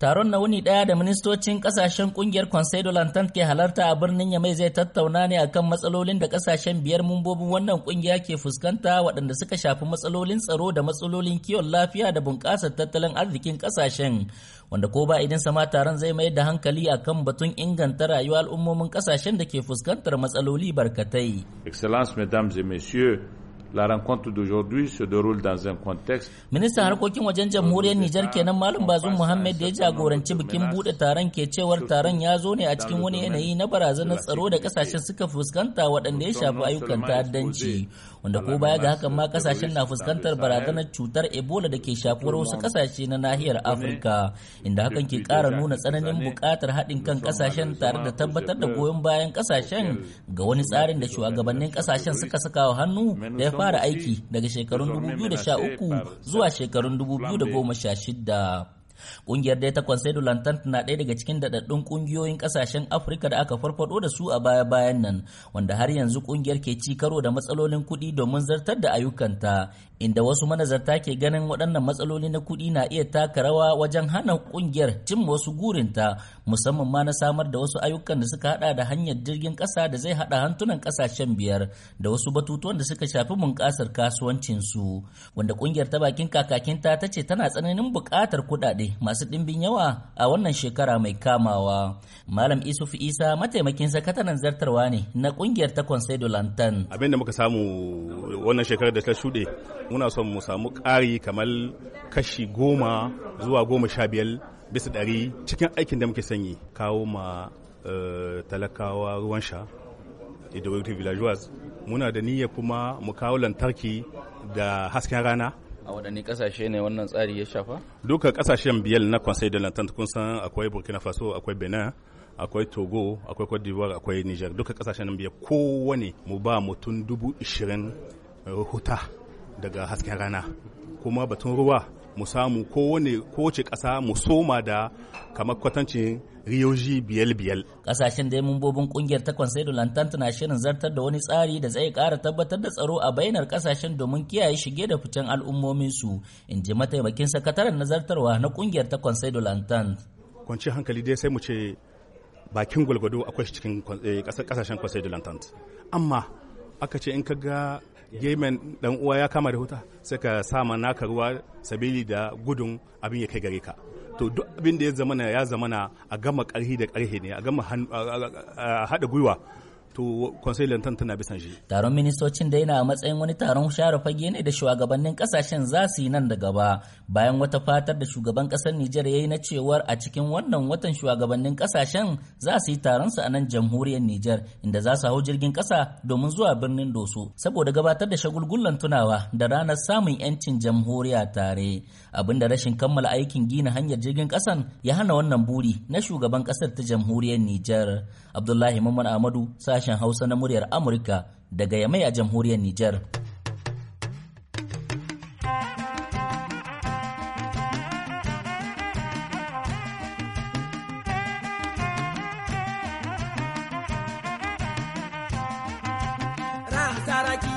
Taron na wuni ɗaya da ministocin ƙasashen ƙungiyar Conseil de ke halarta a birnin Yamai zai tattauna ne akan matsalolin da ƙasashen biyar mumbobin wannan ƙungiya ke fuskanta waɗanda suka shafi matsalolin tsaro da matsalolin kiwon lafiya da bunƙasar tattalin arzikin ƙasashen. Wanda ko ba idan sama taron zai mayar da hankali akan batun inganta rayuwa al'ummomin ƙasashen da ke fuskantar matsaloli barkatai. Excellence, mesdames et messieurs, La rencontre d'aujourd'hui se déroule dans un contexte. Ministan harkokin wajen jamhuriyar Nijar kenan Malam Bazum Muhammad da ya jagoranci bikin bude taron ke cewar taron ya zo ne a cikin wani yanayi na barazanar tsaro da kasashen suka fuskanta waɗanda ya shafi ayyukan ta'addanci. Wanda ko baya ga hakan ma kasashen na fuskantar barazanar cutar Ebola da ke shafuwar wasu kasashe na nahiyar Afirka, inda hakan ke ƙara nuna tsananin buƙatar haɗin kan kasashen tare da tabbatar da goyon bayan kasashen ga wani tsarin da shugabannin kasashen suka saka hannu da fara aiki daga shekarun 2013 zuwa shekarun 2016. Ƙungiyar dai ta Conseil Lantant na ɗaya daga cikin daɗaɗɗun ƙungiyoyin ƙasashen Afirka da aka farfado da su a baya-bayan nan, wanda har yanzu ƙungiyar ke ci karo da matsalolin kuɗi domin zartar da ayyukanta, inda wasu manazarta ke ganin waɗannan matsaloli na kuɗi na iya taka rawa wajen hana ƙungiyar cin wasu gurinta, musamman ma na samar da wasu ayyukan da suka haɗa da hanyar jirgin ƙasa da zai haɗa hantunan ƙasashen biyar da wasu batutuwan da suka shafi bunƙasar kasuwancinsu, wanda ƙungiyar ta bakin kakakinta ta ce tana tsananin buƙatar kuɗaɗe masu ɗimbin yawa a wannan shekara mai kamawa. Malam Isuf Isa mataimakin sakataren zartarwa ne na ƙungiyar ta Conseil Lantan. Abin da muka samu wannan shekarar da ta shuɗe muna son mu samu ƙari kamar kashi goma zuwa goma sha biyar bisa ɗari cikin aikin da muke sanyi kawo ma eh, talakawa ruwan sha da villageois muna da niyya kuma mu kawo lantarki da hasken rana a waɗanne ƙasashe ne wannan tsari ya shafa duka ƙasashen biyar na conseil de l'entente kun san akwai burkina faso akwai benin akwai togo akwai cote d'ivoire akwai niger duka ƙasashen nan biyar kowane mu ba mutum dubu ishirin huta daga hasken rana kuma batun ruwa mu samu kowane kowace ƙasa mu soma da kamar kwatancin riyoji biyal biyal. Ƙasashen da mambobin ƙungiyar ta Conseil Lantant na shirin zartar da wani tsari da zai ƙara tabbatar da tsaro a bainar ƙasashen domin kiyaye shige da ficen al'ummominsu, in ji mataimakin sakataren na zartarwa na ƙungiyar ta Conseil Lantant. Kwanci hankali dai sai mu ce bakin gwalgwado akwai shi cikin eh, ƙasashen Conseil Lantant. Amma aka ce in ka ga gemen dan uwa ya kama da wuta sai ka sama naka ruwa sabili da gudun abin ya kai gare ka to duk abin da ya zamana ya zamana a gama karhi da karhi ne a gama hada gwiwa to lantan bisan shi taron ministocin da yana a matsayin wani taron share fage ne da shugabannin kasashen za su yi nan da gaba bayan wata fatar da shugaban kasar Nijar ya yi na cewar a cikin wannan watan shugabannin kasashen za su yi taron su a nan jamhuriyar Nijar inda za su hau jirgin kasa domin zuwa birnin Doso saboda gabatar da shagulgullan tunawa da ranar samun yancin jamhuriya tare abinda rashin kammala aikin gina hanyar jirgin kasan ya hana wannan buri na shugaban kasar ta jamhuriyar Nijar Abdullahi Mamman Ahmadu sashen sashen Hausa na muryar Amurka daga Yamai a jamhuriyar Nijar. Rah,